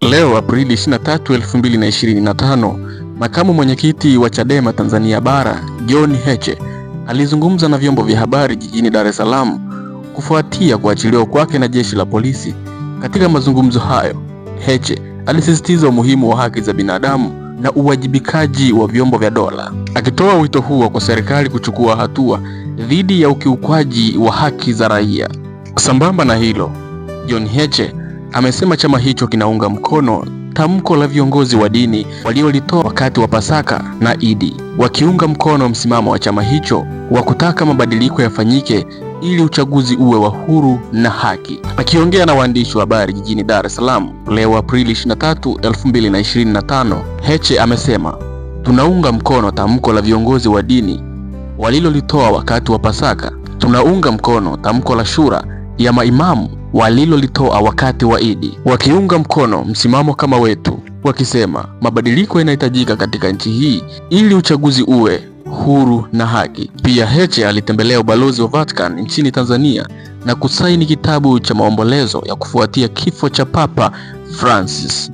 Leo Aprili 23, 2025, makamu mwenyekiti wa Chadema Tanzania Bara John Heche alizungumza na vyombo vya habari jijini Dar es Salaam kufuatia kuachiliwa kwake na jeshi la polisi. Katika mazungumzo hayo, Heche alisisitiza umuhimu wa haki za binadamu na uwajibikaji wa vyombo vya dola, akitoa wito huo kwa serikali kuchukua hatua dhidi ya ukiukwaji wa haki za raia. Sambamba na hilo, John Heche Amesema chama hicho kinaunga mkono tamko la viongozi wa dini waliolitoa wakati wa Pasaka na Idi, wakiunga mkono msimamo wa chama hicho wa kutaka mabadiliko yafanyike ili uchaguzi uwe wa huru na haki. Akiongea na waandishi wa habari jijini Dar es Salaam leo Aprili 23, 2025, Heche amesema tunaunga mkono tamko la viongozi wa dini walilolitoa wakati wa Pasaka. Tunaunga mkono tamko la Shura ya Maimamu walilolitoa wakati wa Idi, wakiunga mkono msimamo kama wetu, wakisema mabadiliko yanahitajika katika nchi hii ili uchaguzi uwe huru na haki. Pia Heche alitembelea ubalozi wa Vatican nchini Tanzania na kusaini kitabu cha maombolezo ya kufuatia kifo cha Papa Francis.